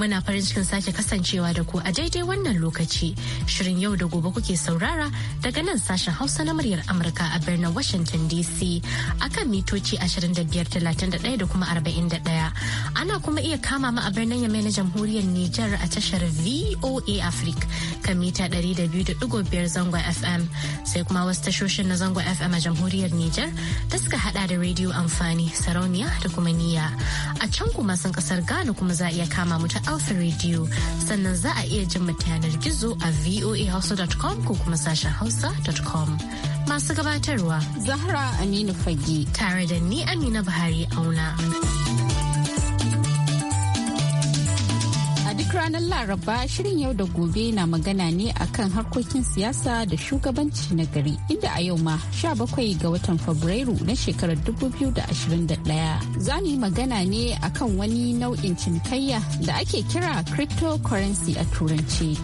Muna farin cikin sake kasancewa da ku a daidai wannan lokaci. Shirin yau da gobe kuke saurara daga nan sashen Hausa na muryar Amurka a birnin Washington DC akan mitoci 2531 da kuma 41. Ana kuma iya kama mu a birnin Yamai na Jamhuriyar Nijar a tashar VOA Africa kan mita 200.5 zangon FM sai kuma wasu tashoshin na zangon FM a Jamhuriyar Nijar da suka hada da rediyo amfani sarauniya da kuma niyya. A can kuma sun kasar Ghana kuma za a iya kama mu ta Alpha Radio sannan za a iya jin mu ta yanar gizo a voahausa.com ko kuma sashen hausa.com. Masu gabatarwa Zahra Aminu Fage tare da ni Amina Buhari auna. duk ranar laraba shirin yau da gobe na magana ne akan harkokin siyasa da shugabanci na gari inda a yau ma 17 ga watan fabrairu na shekarar 2021 za mu yi magana ne akan wani nau'in cinikayya da ake kira cryptocurrency a turanci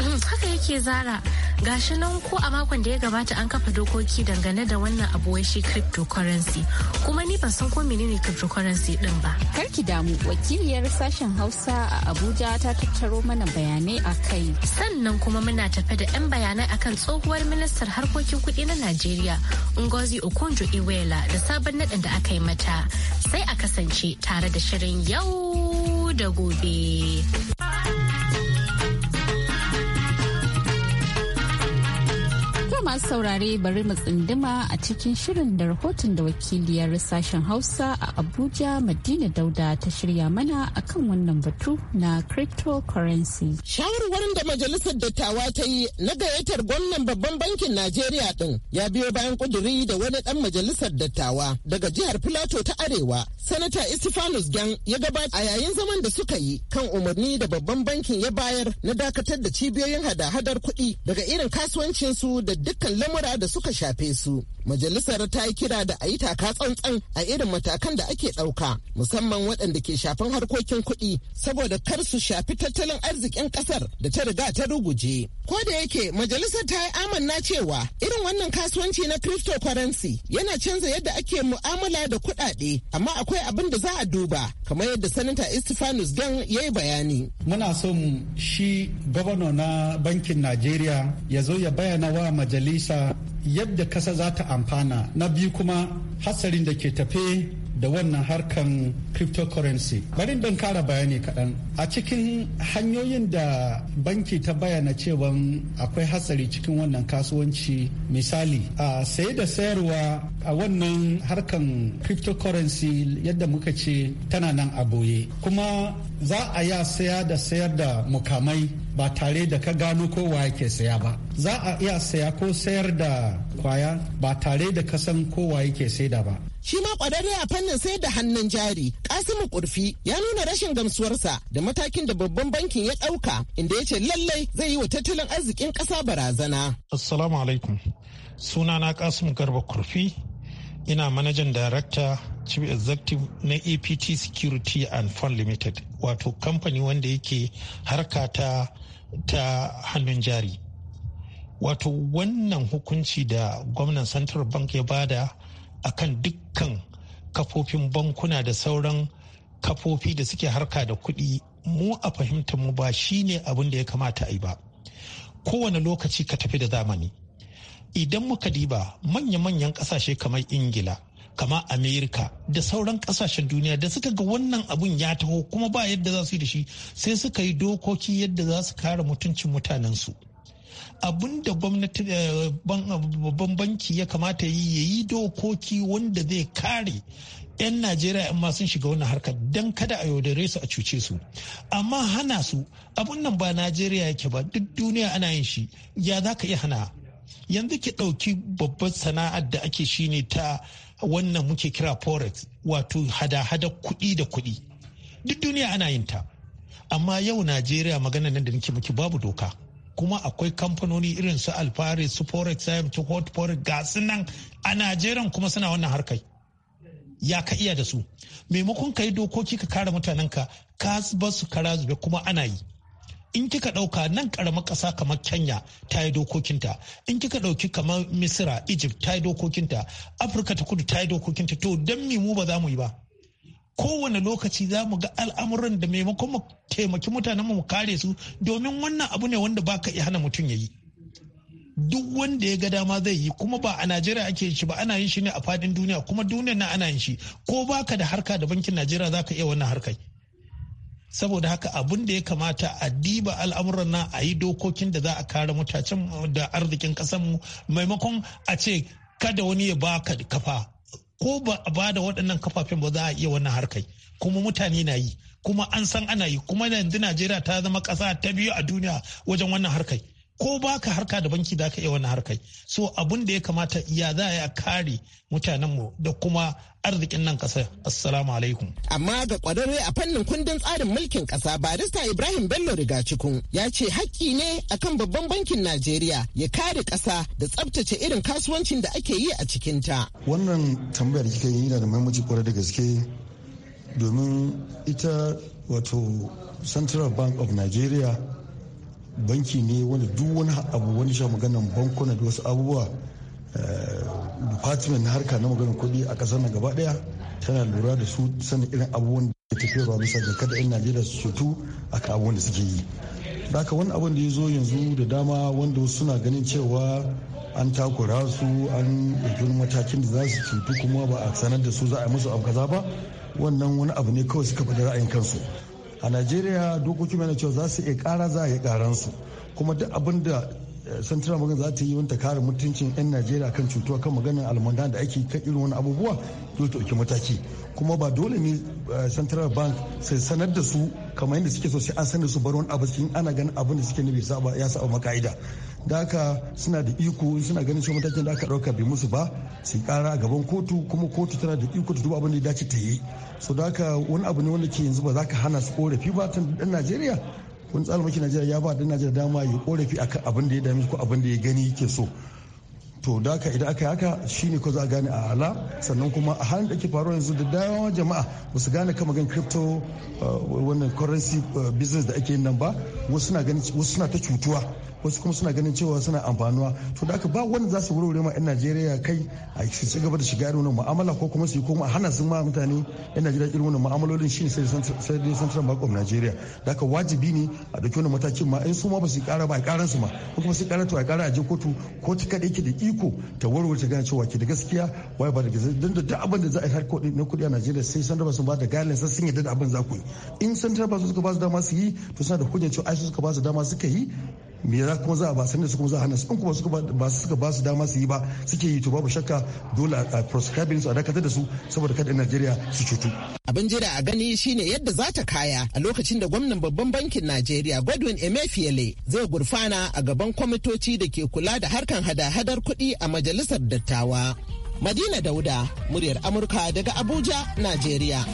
hmm, haka yake zara gashi nan ko a makon da ya gabata an kafa dokoki dangane da wannan abuwai shi cryptocurrency kuma ni ban san ko menene cryptocurrency din ba Kar ki damu wakiliyar sashen hausa a abuja ta tattaro mana bayanai a kai sannan kuma muna tafe da yan bayanai akan tsohuwar ministar harkokin kuɗi na najeriya ngozi okonjo iweala da sabon naɗin da aka yi mata sai a kasance tare da shirin yau da gobe. To masu saurare bari mu tsinduma a cikin shirin da rahoton da wakiliyar sashen Hausa a Abuja Madina Dauda ta shirya mana akan wannan batu na cryptocurrency. Shawarwarin da majalisar dattawa ta yi na gayyatar gwamnan babban bankin Najeriya din ya biyo bayan kuduri da wani dan majalisar dattawa daga jihar Filato ta Arewa. Sanata Istifanus Gang ya gabata a yayin zaman da suka yi kan umarni da babban bankin ya bayar na dakatar da cibiyoyin hada-hadar kuɗi daga irin kasuwancinsu da dukkan lamura da suka shafe su. Majalisar ta yi kira da a yi taka tsantsan a irin matakan da ake ɗauka musamman waɗanda ke shafan harkokin kuɗi saboda kar su shafi tattalin arzikin ƙasar da ta riga ta ruguje. Ko da yake majalisar ta yi amanna cewa irin wannan kasuwanci na cryptocurrency yana canza yadda ake mu'amala da kuɗaɗe amma akwai abin da za a duba kamar yadda sanata Istifanus Gan ya yi bayani. Muna son shi gwamna na bankin Najeriya ya zo ya bayyana wa majalisar majalisa yadda kasa za ta amfana na biyu kuma hatsarin da ke tafe da wannan harkan cryptocurrency bari don kara bayani kaɗan a cikin hanyoyin da banki ta bayyana cewa akwai hatsari cikin wannan kasuwanci misali a saye da sayarwa a wannan harkan cryptocurrency yadda muka ce tana nan a boye kuma za a ya saya da sayar da mukamai ba tare da ka gano ko waye ke saya ba za a iya saya ko sayar da kwaya ba tare da ka san ko waye ke saida ba shi ma kwararre a fannin sai da hannun jari kasimu kurfi ya nuna rashin gamsuwarsa da matakin da babban bankin ya ɗauka inda ya ce lallai zai yi wa tattalin arzikin kasa barazana assalamu alaikum suna na kasimu garba kurfi ina manajan director chief executive na apt security and fund limited wato kamfani wanda yake harka ta ta hannun jari wato wannan hukunci da gwamnan central bank ya bada a kan dukkan kafofin bankuna da sauran kafofi da suke harka da kuɗi mu a fahimtar mu ba shine abin da ya kamata a yi ba kowane lokaci ka tafi da zamani idan muka diba manya-manyan ƙasashe kamar ingila kama amerika da sauran kasashen duniya da suka ga wannan abun ya taho kuma ba yadda za su yi da shi sai suka yi dokoki yadda za su kare mutuncin mutanensu abun da gwamnati eh, babban banki ya kamata yi ya yi dokoki wanda zai kare 'yan najeriya 'yan masu shiga wannan harkar don kada a yaudare su a cuce su amma hana su abun nan ba najeriya yake ba duk duniya ana yin shi ya za ka iya hana yanzu ki ɗauki babbar sana'ar da ake ne ta wannan muke kira forex wato hada-hada kuɗi da kuɗi duk duniya ana yin ta amma yau najeriya magana nan da nake muke babu doka kuma akwai kamfanoni irin su alfari su forex su hot forex ga nan a najeriya kuma suna wannan harkai ya ka iya da su maimakon ka yi dokoki ka kare mutanen ka ba su kara zube kuma ana yi in kika ɗauka nan ƙaramar ƙasa kamar kenya ta yi dokokinta in kika ɗauki kamar misira egypt ta yi dokokinta afirka ta kudu ta yi dokokinta to don mu ba za mu yi ba kowane lokaci za mu ga al'amuran da maimakon mu taimaki mutanen mu kare su domin wannan abu ne wanda ba ka iya hana mutum ya yi duk wanda ya ga dama zai yi kuma ba a najeriya ake yin shi ba ana yin shi ne a fadin duniya kuma duniya na ana yin shi ko baka da harka da bankin najeriya za ka iya wannan harkar saboda haka abin da ya kamata a diba al'amuran nan a yi dokokin da za a kare mutacen da arzikin kasanmu maimakon a ce kada wani ya baka kafa ko ba a ba da waɗannan kafafen ba za a iya wannan harkai kuma mutane na yi kuma an san ana yi kuma yanzu najeriya ta zama ƙasa ta biyu a duniya wajen wannan harkai ko baka harka da banki za ka iya wani harkai so abun da ya kamata ya za a kare mutanenmu da kuma arzikin nan kasa assalamu alaikum amma ga kwararre a fannin kundin tsarin mulkin kasa barista ibrahim bello riga rigacikun ya ce haƙƙi ne akan babban bankin najeriya ya kare kasa da tsabtace irin kasuwancin da ake yi a cikin ta wannan tambayar kika yi da mahimmanci kwarai da gaske domin ita wato central bank of nigeria banki ne wanda duk wani abu wani sha maganan bankuna da wasu abubuwa eh, department na harka na maganar kuɗi a ƙasar nan gaba ɗaya tana lura da su sanin irin abubuwan da ke tafiyarwa bisa ga kada 'yan najeriya su cutu a kan abubuwan da suke yi haka wani abin da ya zo yanzu da dama wanda wasu suna ganin cewa an takura su an ɗauki matakin da za su cutu kuma ba a sanar da su za a yi musu abu kaza ba wannan wani abu ne kawai suka faɗi ra'ayin kansu a najeriya dokoki mai cewa za su iya kara za a yi su kuma duk abin da eh, central bank za ta yi wanta kare mutuncin 'yan najeriya kan cutuwa kan maganar almanda da ake kan irin wani abubuwa dole ta ɗauki mataki kuma ba dole ne eh, central bank sai sanar da su kamar yadda suke so sai an sanar su bar wani abu cikin ana ganin abin da suke nufi ya saba maka'ida daka haka suna da iko suna ganin cewa matakin da aka dauka bai musu ba su kara gaban kotu kuma kotu tana da iko ta duba abin da ya dace ta yi so da haka wani abu ne wanda ke yanzu ba za ka hana su korafi ba tun dan Najeriya wani tsarin mulkin Najeriya ya ba dan Najeriya dama ya korafi akan abin da ya dame ko abin da ya gani yake so to da idan aka yi haka shine ko za a gane a ala sannan kuma a halin da ke faruwa yanzu da dama jama'a ba gane kama gan crypto uh, wannan currency uh, business da ake yin nan ba wasu suna ta cutuwa wasu kuma suna ganin cewa suna amfanuwa to da aka ba wanda za su wurwure ma 'yan najeriya kai a ci gaba da shiga irin wannan mu'amala ko kuma su yi koma hana sun ma mutane 'yan najeriya irin wannan mu'amalolin ne sai dai central bank of nigeria da aka wajibi ne a dauki wannan matakin ma in su ma ba su kara ba a karan su ma ko kuma su kara to a kara a je kotu ko ta kaɗai ke da iko ta warware ta gane cewa ke da gaskiya wai ba da gaskiya don da duk abin da za a yi har na kuɗi a najeriya sai central bank sun ba da sai sun yadda da abin za ku yi in central bank suka ba su dama su yi to suna da kunya cewa ai suka ba su dama suka yi me za kuma za a ba sanda su kuma za a hana su in kuma suka ba su suka ba su dama su yi ba suke yi to babu shakka dole a proscribing su a dakatar da su saboda kada Najeriya su cutu abin jira a gani shine yadda za ta kaya a lokacin da gwamnan babban bankin Najeriya Godwin Emefiele zai gurfana a gaban kwamitoci da ke kula da harkan hada-hadar kuɗi a majalisar dattawa Madina Dauda, muryar Amurka daga Abuja, Najeriya.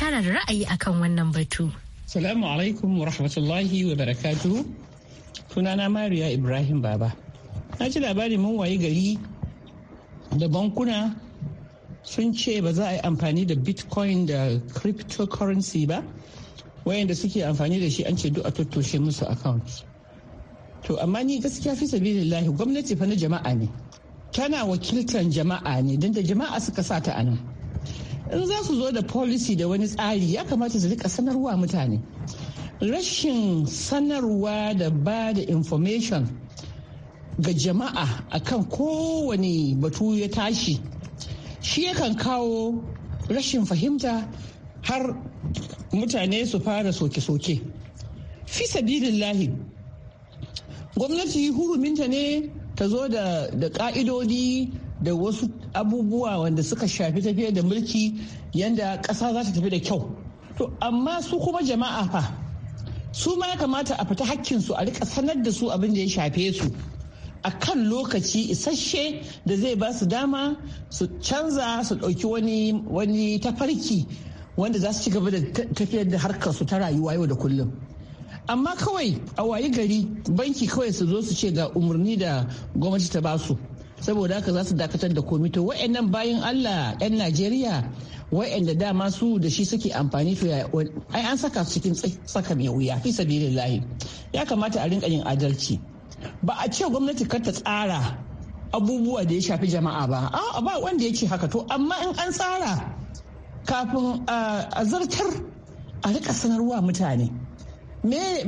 tana da ra'ayi akan wannan batu. Salamu alaikum wa rahmatullahi wa barakatuhu. Sunana Mariya Ibrahim Baba. Na ji labari mun waye gari da bankuna sun ce ba za a yi amfani da bitcoin da cryptocurrency ba wayanda suke amfani da shi an ce duk a tattoshe musu account to amma ni gaskiya fi lahi gwamnati fa na jama'a ne tana wakiltar jama'a ne don da jama'a suka sa ta anan in za su zo da policy da wani tsari ya kamata su rika sanarwa mutane rashin sanarwa da ba da information ga jama'a akan kowane batu ya tashi shi yakan kawo rashin fahimta har mutane su fara soke-soke fi sabilillahi gwamnati huruminta ne ta zo da ka'idodi da wasu abubuwa wanda suka shafi tafiyar da mulki yadda ƙasa za ta tafi da kyau to amma su kuma jama'a fa su ma ya kamata a fita hakkinsu a rika sanar da su abin da ya shafe su a kan lokaci isasshe da zai ba su dama su canza su ɗauki wani wani tafarki wanda za su ci gaba da tafiyar da harkar su ta rayuwa yau da kullum amma kawai a wayi gari banki kawai su zo su ce ga umarni da gwamnati ta basu saboda haka za su dakatar da komi to wa'annan bayan allah 'yan najeriya wa'anda dama su da shi suke amfani to ai an saka su cikin tsaka mai wuya fi sabilillahi ya kamata a rinka yin adalci ba a ce gwamnati kar ta tsara abubuwa da ya shafi jama'a ba a ba wanda ya ce haka to amma in an tsara kafin a zartar a rika sanarwa mutane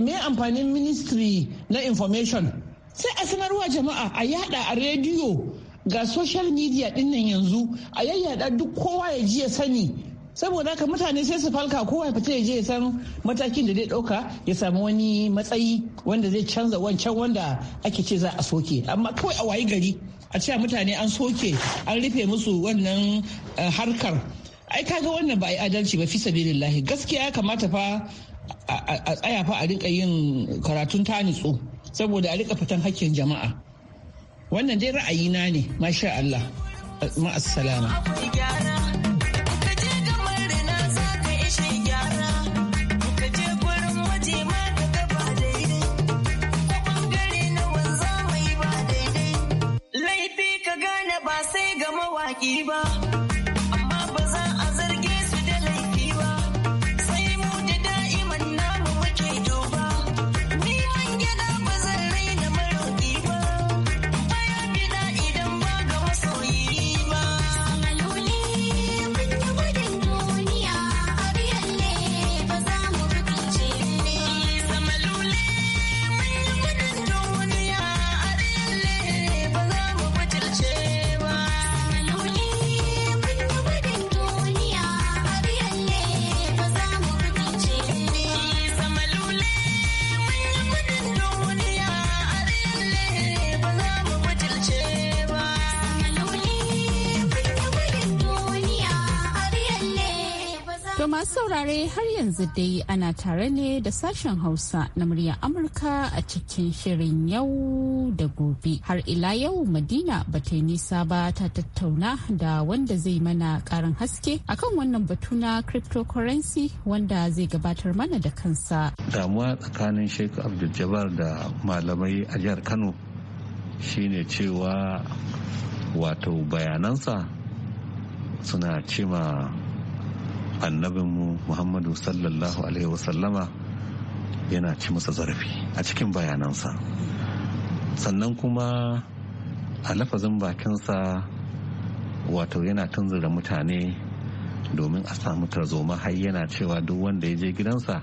me amfanin ministry na information sai a sanarwa jama'a a yada a rediyo ga social media din nan yanzu a yayyada duk kowa ya ji ya sani saboda haka mutane sai su falka kowa ya fita ya je ya san matakin da zai dauka ya samu wani matsayi wanda zai canza wancan wanda ake ce za a soke amma kawai a wayi gari a ce mutane an soke an rufe musu wannan eh, harkar ai kaga wannan ba a yi adalci ba fi sabilillahi gaskiya ya kamata fa a tsaya fa a rinka yin karatun ta nitsu saboda a rika fitan hakkin jama'a wannan dai ra'ayina ne masha Allah ma'assalama. To masu saurare har yanzu dai ana tare ne da sashen Hausa na muryar Amurka a cikin shirin yau da gobe. Har ila yau Madina ba ta nisa ba ta tattauna da wanda zai mana karin haske akan wannan batu na cryptocurrency wanda zai gabatar mana da kansa. Damuwa tsakanin Sheikh Abdul da malamai a jihar Kano shine cewa wato bayanansa suna cima annabinmu muhammadu sallallahu alaihi wasallama yana ci masa zarafi a cikin bayanansa sannan kuma a lafazin bakinsa wato yana tunzura mutane domin a samu tarzoma har yana cewa duk wanda ya je gidansa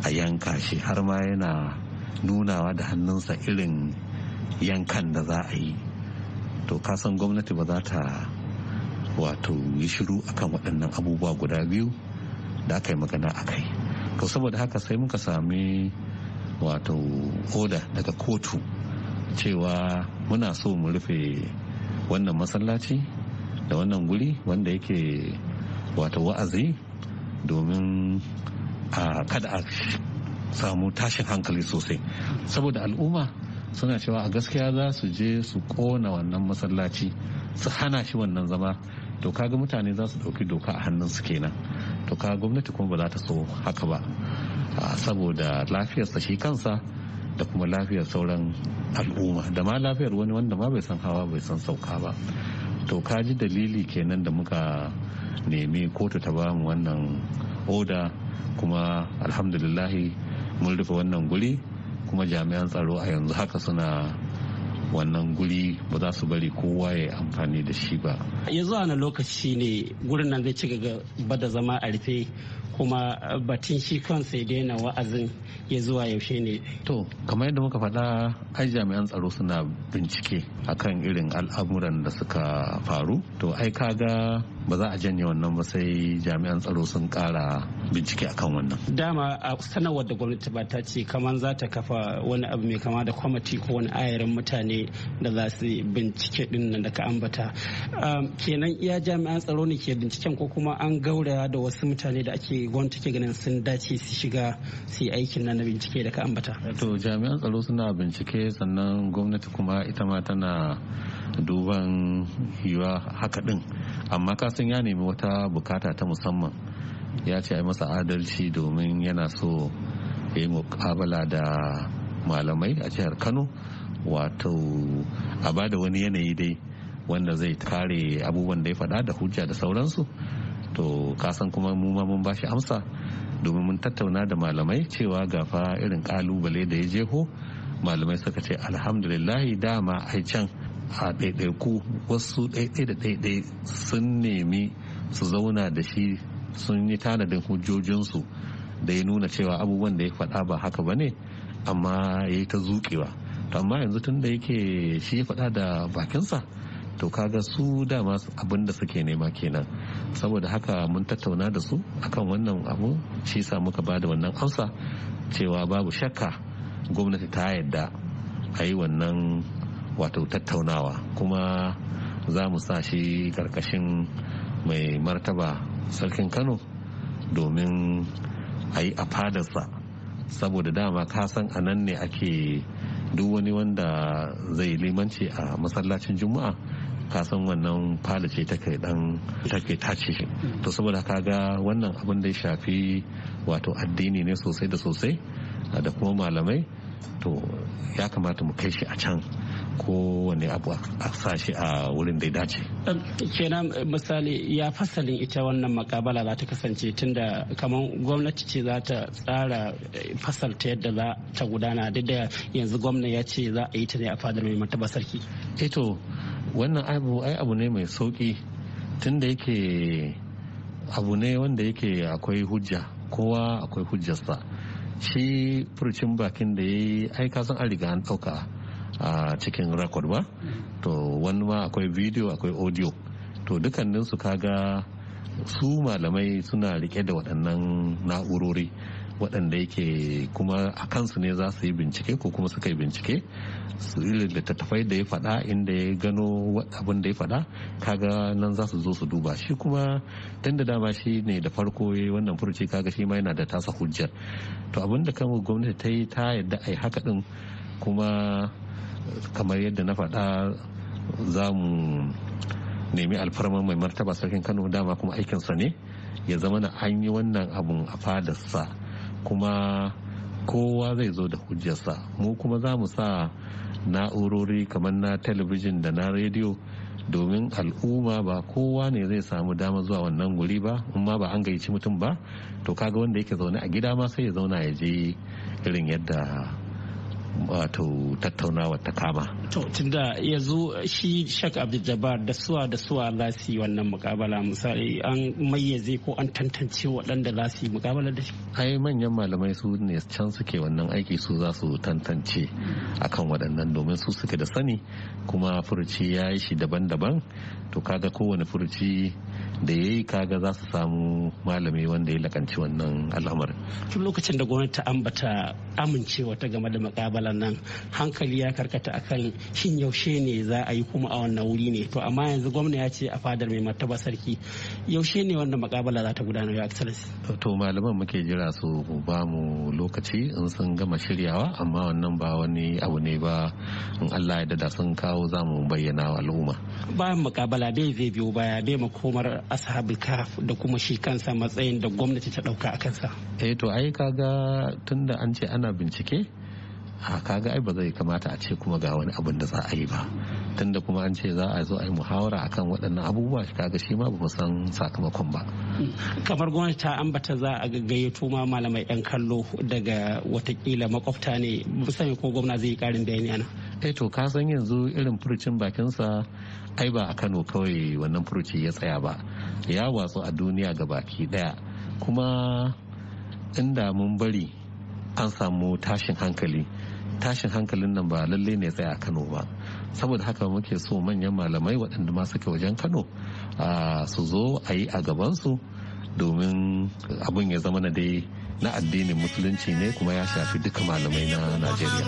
a yanka shi har ma yana nunawa da hannunsa irin yankan da za a yi to kasan gwamnati ba za ta wato yi shiru akan waɗannan abubuwa guda biyu da aka yi magana a kai to saboda haka sai muka sami wato oda daga kotu cewa muna so mu rufe wannan masallaci da wannan guri wanda yake wato wa'azi domin a kada a samu tashin hankali sosai saboda al'umma suna cewa a gaskiya za su je su kona wannan masallaci su hana shi wannan zama to kaga mutane za su ɗauki doka a hannunsu kenan to kaga gwamnati kuma ba za ta so haka ba saboda lafiyarsa shi kansa da kuma lafiyar sauran al'umma da ma lafiyar wani wanda ma bai san hawa bai san sauka ba to kaji dalili kenan da muka nemi kotu ta ba mu wannan oda kuma alhamdulillahi mun rufe wannan guri kuma jami'an tsaro a yanzu haka suna wannan guri ba za su bari kowa ya amfani da shi ba yanzu a lokaci ne gurin nan zai ci gaba da zama a rufe kuma batun shi kansa ya daina wa'azin ya zuwa yaushe ne to kamar yadda muka faɗa ai jami'an tsaro suna bincike akan irin al'amuran da suka faru to ai ga ba za a janye wannan ba sai jami'an tsaro sun kara bincike akan wannan dama a sanarwar da gwamnati ba ta ce kamar za ta kafa wani abu mai kama da kwamiti ko wani ayarin mutane da za su bincike din nan da ka ambata kenan iya jami'an tsaro ne ke binciken ko kuma an gauraya da wasu mutane da ake ɓangare take ganin sun dace su shiga su yi aikin nan na bincike da ka ambata. To jami'an tsaro suna bincike sannan gwamnati kuma ita ma tana duban yiwa haka din amma kasan ya nemi wata bukata ta musamman ya ce ai masa adalci domin yana so ya yi mukabala da malamai a jihar kano wato a bada wani yanayi dai wanda zai kare abubuwan da ya faɗa da hujja da sauransu to kasan kuma mu ma mun bashi amsa domin mun tattauna da malamai cewa gafa irin kalubale da ya jeho malamai suka ce alhamdulillahi dama ai can a ɗaiɗaiku wasu ɗaiɗai da ɗaiɗai sun nemi su zauna da shi sun yi tanadin hujjojinsu da ya nuna cewa abubuwan da ya faɗa ba haka ba ne amma ya yi ta zuƙewa amma yanzu tun da yake shi ya faɗa da bakinsa to kaga su dama abin da suke nema kenan saboda haka mun tattauna da su akan wannan abu shi sa muka ba da wannan amsa cewa babu shakka gwamnati ta yadda a yi wannan wato tattaunawa kuma za mu sa shi karkashin mai martaba sarkin kano domin a yi a fadarsa saboda dama kasan a nan ne ake duk wani wanda zai limanci a masallacin juma'a kasan wannan fada ce kai dan ke tace to saboda ka ga wannan abin da ya shafi wato addini ne sosai da sosai da kuma malamai to ya kamata mu kai shi a can ko wani abu a sashi a wurin da ya dace. kenan eh, misali ya fasalin ita wannan makabala za ta kasance da kamar gwamnati ce za ta tsara eh, fasalta yadda za ta gudana duk da yanzu gwamna ya ce za a yi ta ne a fadar mai martaba sarki. eto eh wannan abu ai abu ne mai sauki tunda yake abu ne wanda yake akwai hujja kowa akwai hujjarsa shi furcin bakin da ya yi ai san an riga an ɗauka a cikin rekod ba to wani ma akwai bidiyo akwai audio to dukkaninsu kaga su malamai suna rike da waɗannan na'urori waɗanda yake kuma a kansu ne za su yi bincike ko kuma suka yi bincike su littattafai da ya faɗa inda ya gano abin da ya faɗa kaga nan za su zo su duba shi kuma tun da dama shi ne da farko ya wannan furuci kaga shi ma yana da tasa hujjar to abin da kama gwamnati ta yi ta yadda a yi haka ɗin kuma kamar yadda na faɗa za mu nemi alfarma mai martaba sarkin kano dama kuma aikinsa ne ya zama na an yi wannan abun a fadarsa kuma kowa zai zo da hujjarsa mu kuma za mu sa na'urori kamar na talabijin da na rediyo domin al'umma ba kowa ne zai samu dama zuwa wannan guri ba in ma ba an gayyaci mutum ba to kaga wanda yake zaune a gida ma sai ya zauna ya je irin yadda wato tattaunawa ta kama. To tunda zo shi Sheikh Abdul da suwa da suwa lasi wannan mukabala misali an mayyaze ko an tantance waɗanda lasi mukabala da shi. Ai manyan malamai su ne can suke wannan aiki su za su tantance akan waɗannan domin su suke da sani kuma furuci ya yi shi daban-daban to kaga kowane furuci da ya yi kaga za su samu malami wanda ya lakanci wannan al'amarin. tun lokacin da gwamnati ta ambata amincewa ta game da makabalan nan hankali ya karkata akan shin yaushe ne za a yi kuma a wannan wuri ne to amma yanzu gwamna ya ce a fadar mai martaba sarki yaushe ne wannan makabala za ta gudanar ya excellence. to malaman muke jira su ba mu lokaci in sun gama shiryawa amma wannan ba wani abu ne ba in Allah ya dada sun kawo za mu bayyana wa al'umma. bayan makabala dai zai biyo baya dai makomar ashabul kaf da kuma shi kansa matsayin da gwamnati ta dauka a kansa eh to ai kaga tunda an ce ana bincike a kaga ai ba zai kamata a ce kuma ga wani abin da za a yi ba tunda kuma an ce za a zo a yi muhawara akan waɗannan abubuwa shi kaga shi ma ba san sakamakon ba kamar gwamnati ta ambata za a gayyato ma malamai yan kallo daga watakila makwabta ne musamman ko gwamna zai yi karin bayani ana eh to ka san yanzu irin furucin bakinsa ai ba a kano kawai wannan furuci ya tsaya ba ya watsu a duniya ga baki daya kuma inda mun bari an samu tashin hankali tashin hankalin nan ba lallai ne tsaya a kano ba saboda haka muke so manyan malamai waɗanda ma suke wajen kano ah, su zo a yi a gabansu domin abin ya zama na dai na addinin musulunci ne kuma ya shafi duka malamai na najeriya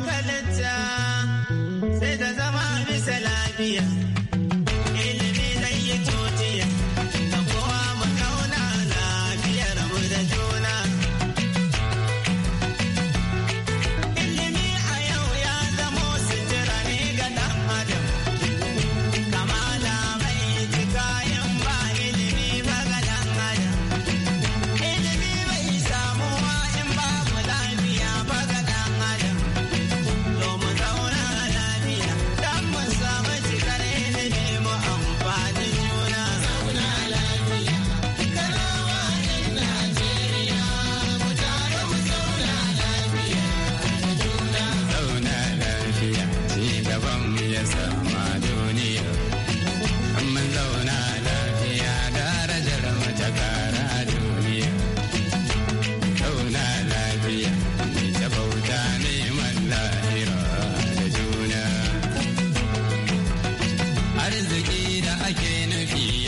Energy.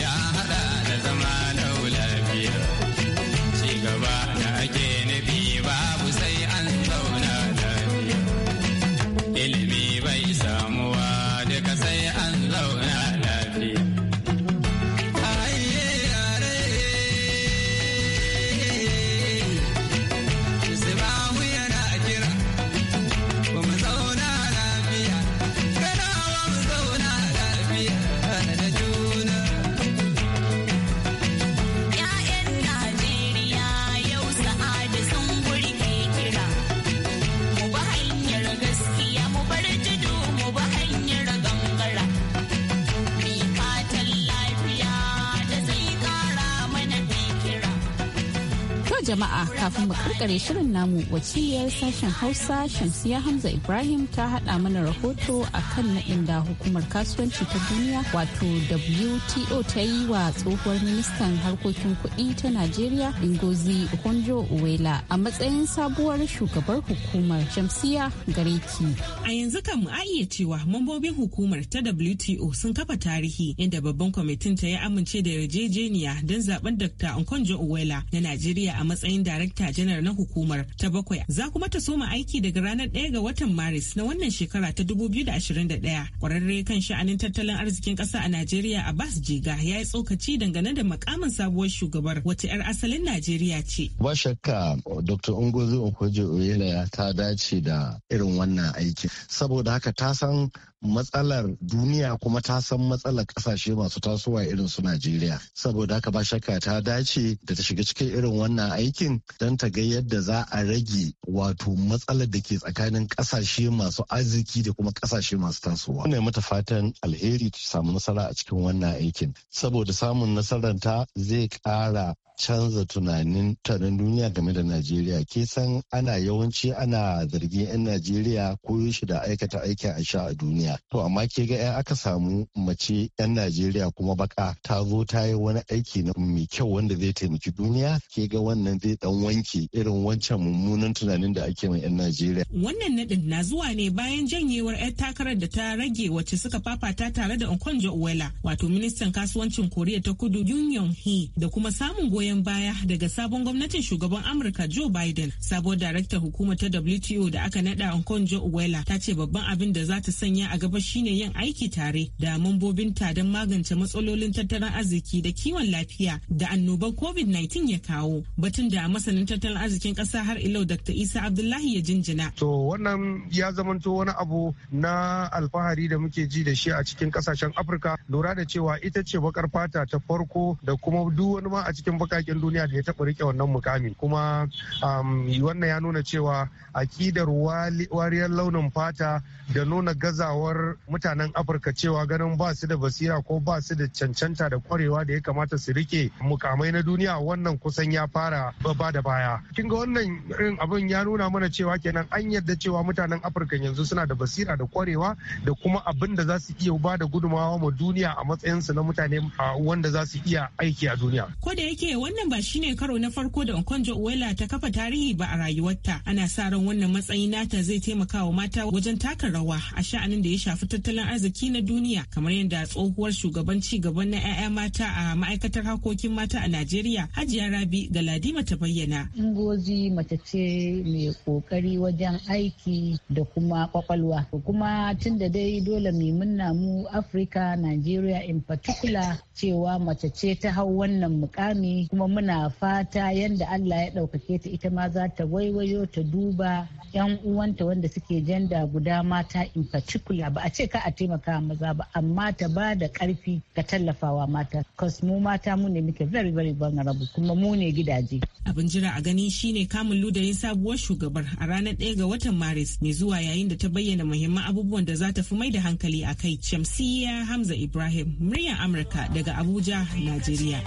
jama'a kafin mu karkare shirin namu wakiliyar sashen hausa shamsiya hamza ibrahim ta hada mana rahoto a kan naɗin da hukumar kasuwanci ta duniya wato wto ta yi wa tsohuwar ministan harkokin kuɗi ta najeriya ingozi okonjo uwela a matsayin sabuwar shugabar hukumar shamsiya ki a yanzu kan mu iya cewa mambobin hukumar ta wto sun kafa tarihi inda babban kwamitin ta ya amince da yarjejeniya don zaben dr okonjo uwela na najeriya a matsayin darakta janar na hukumar ta bakwai za kuma ta soma aiki daga ranar ɗaya ga watan maris na wannan shekara ta dubu biyu da ɗaya. kwararre kan sha'anin tattalin arzikin ƙasa a najeriya bas jiga ya yi tsokaci dangane da makamin sabuwar shugabar wata 'yar asalin najeriya ce ba shakka dr ungozi Okojo oyela ta dace da irin wannan aiki saboda haka ta san matsalar duniya kuma ta san matsalar kasashe masu tasowa irin su Najeriya. Saboda haka ba shakka ta dace da ta shiga cikin irin wannan aikin don ta ga yadda za a rage wato matsalar da ke tsakanin kasashe masu arziki da kuma kasashe masu tasowa. Ne mata fatan alheri ta samu nasara a cikin wannan aikin. Saboda samun nasarar ta zai ƙara canza tunanin taron duniya game da Najeriya. Ke san ana yawanci ana zargin 'yan Najeriya ko shi da aikata aikin a sha a duniya. duniya to amma ke ga aka samu mace 'yan najeriya kuma baka ta zo ta yi wani aiki na mai kyau wanda zai taimaki duniya ke ga wannan zai dan wanke irin wancan mummunan tunanin da ake ma 'yan najeriya wannan naɗin na zuwa ne bayan janyewar 'yan takarar da ta rage wacce suka fafata tare da okonjo uwela wato ministan kasuwancin koriya ta kudu yun he da kuma samun goyon baya daga sabon gwamnatin shugaban amurka joe biden sabuwar daraktar hukumar ta wto da aka naɗa okonjo uwela ta ce babban abin da za ta sanya a gaba shine yin aiki tare da mambobinta don magance matsalolin tattalin arziki da kiwon lafiya da annoban covid-19 ya kawo batun da masanin tattalin arzikin kasa har ilau dr isa abdullahi ya jinjina to wannan ya zamanto wani abu na alfahari da muke ji da shi a cikin kasashen afirka lura da cewa ita ce bakar fata ta farko da kuma duk wani ma a cikin bakakin duniya da ya taɓa rike wannan mukami kuma um, wannan ya nuna cewa akidar wariyar launin fata da nuna gazawa war mutanen afirka cewa ganin ba su da basira ko ba su da cancanta da kwarewa da ya kamata su rike mukamai na duniya wannan kusan ya fara ba da baya kin ga wannan irin abin ya nuna mana cewa kenan an yarda cewa mutanen afirka yanzu suna da basira da kwarewa da kuma abin da za su iya ba da gudumawa ma duniya a matsayinsu na mutane wanda za su iya aiki a duniya ko da yake wannan ba shine karo na farko da Okonjo Uwela ta kafa tarihi ba a rayuwarta ana sa ran wannan matsayi nata zai taimaka wa mata wajen taka rawa a sha'anin da ya ya shafi tattalin arziki na duniya kamar yadda tsohuwar shugaban ci gaban na 'ya'ya mata a ma'aikatar harkokin mata a Najeriya Hajiya Rabi ladima ta bayyana. Ngozi mace ce mai kokari wajen aiki da kuma kwakwalwa. Kuma tun da dai dole mai munna mu Afirka Najeriya in particular cewa mace ce ta hau wannan mukami kuma muna fata yadda Allah ya ɗaukake ta ita ma za ta waiwayo ta duba 'yan uwanta wanda suke janda guda mata in particular Allah ba a ce ka a taimaka maza ba amma ta ba da karfi ga tallafawa mata cause mu mata mu ne muke very very vulnerable kuma mu ne gidaje abin jira a gani shine kamun ludayin sabuwar shugabar a ranar ɗaya ga watan maris mai zuwa yayin da ta bayyana muhimman abubuwan da za ta fi mai da hankali a kai shamsiya hamza ibrahim muryar amurka daga abuja najeriya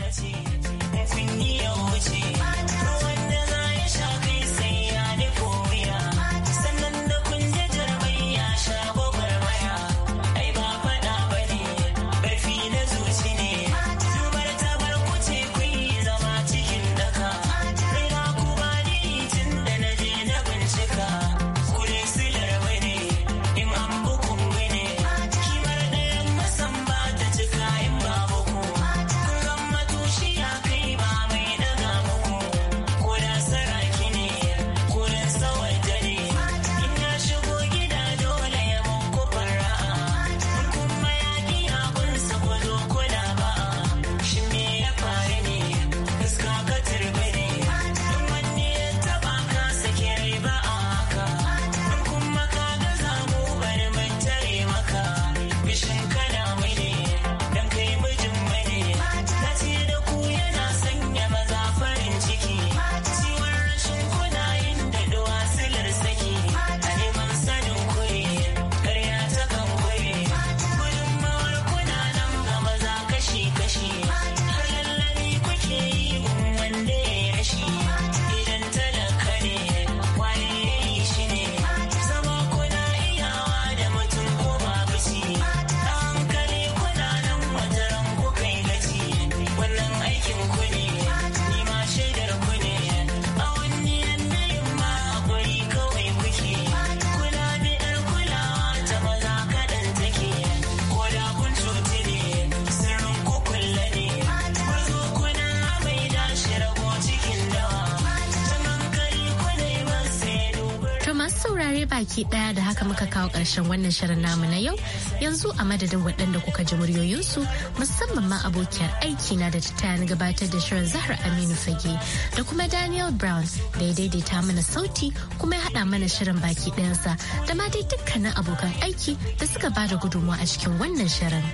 muka kawo ƙarshen wannan shirin namu na yau yanzu a madadin waɗanda kuka ji muryoyinsu musamman ma abokiyar aiki na da ta na gabatar da shirin Zahra Aminu Fage da kuma Daniel Brown da ya daidaita mana sauti kuma ya haɗa mana shirin baki ɗayansa da ma dai dukkanin abokan aiki da suka ba da gudunmawa a cikin wannan shirin.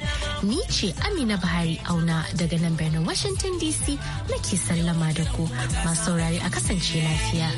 Ni ce Amina Buhari Auna daga nan birnin Washington DC nake sallama da ku masu saurari a kasance lafiya.